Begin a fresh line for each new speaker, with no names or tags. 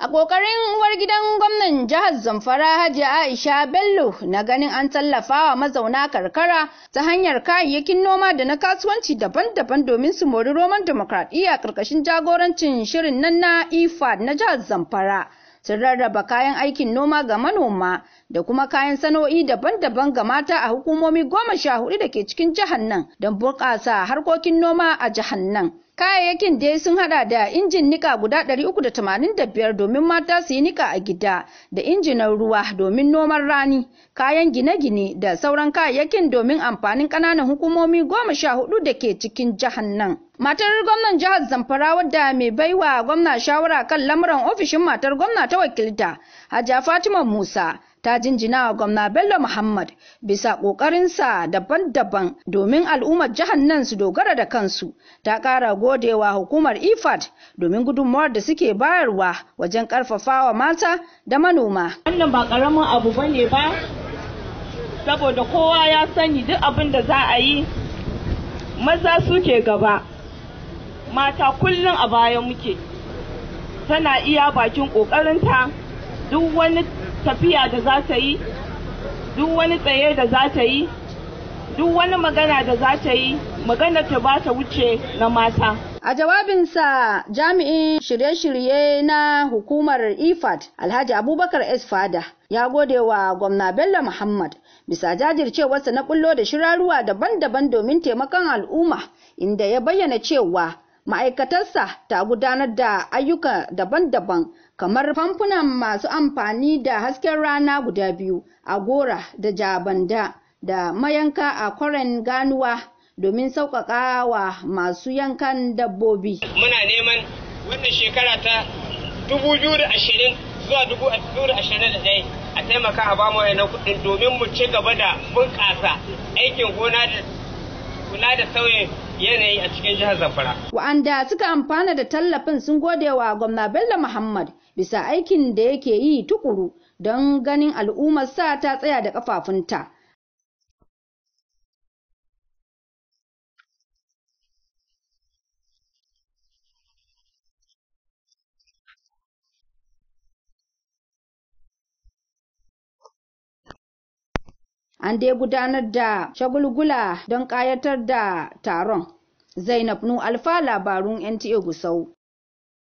A ƙoƙarin gidan gwamnan jihar Zamfara Hajiya Aisha Bello na ganin an tallafa wa mazauna karkara ta hanyar kayayyakin noma da na kasuwanci daban-daban domin su mori roman demokradiyya ƙarƙashin jagorancin shirin nan na IFAD na jihar Zamfara. Sun rarraba kayan aikin noma ga manoma da kuma kayan san'o'i daban-daban ga mata a hukumomi goma sha hudu da ke cikin jihar nan don bunƙasa harkokin noma a jihar nan. Kayayyakin dai sun hada da injin nika guda 385 domin mata su yi nika a gida da injinan ruwa domin noman rani, kayan gine-gine da sauran kayayyakin domin amfanin kananan hukumomi goma sha hudu da ke cikin jihar nan. Matar gwamnan jihar Zamfara wadda mai baiwa gwamna shawara kan lamuran ofishin matar gwamna ta wakilta, Hajja Fatima Musa, ta jinjina wa gwamna Bello Muhammad bisa ƙoƙarinsa daban-daban domin al'ummar jihar nan su dogara da kansu ta ƙara godewa hukumar IFAD e domin gudunmawar da suke bayarwa wajen ƙarfafawa mata da manoma. Wannan ba ƙaramin abu bane ba
saboda kowa ya sani duk abin da za a yi maza suke gaba mata kullum a baya muke tana iya bakin ƙoƙarinta duk wani tafiya da za ta yi duk wani tsaye da za ta yi duk wani magana da za ta yi magana ta ba ta wuce na mata A jawabinsa jami'in shirye-shirye
na hukumar IFAD e Alhaji Abubakar S. Fada ya gode wa gwamna Bello Muhammad bisa jajircewarsa na kullo da shiraruwa daban-daban domin taimakon al'umma inda ya bayyana cewa Ma'aikatarsa ta gudanar da ayyuka daban-daban kamar famfunan masu amfani da hasken rana guda biyu a Gora da Jabanda da mayanka a Kwaren Ganuwa domin sauƙaƙa wa masu yankan dabbobi.
Muna neman wannan shekara ta 2020 zuwa 2021 a taimaka a bamu kuɗi kuɗin domin mu ci gaba da bunƙasa aikin gona da kula da sauyin yanayi a cikin jihar Zamfara.
Wa'anda suka amfana da tallafin sun gode wa gwamna Bello Muhammad bisa aikin da yake yi tukuru don ganin al'ummar sa ta tsaya da kafafunta. An dai gudanar da shagulgula don kayatar da taron. Zainab Nu Alfa labarun NTA Gusau.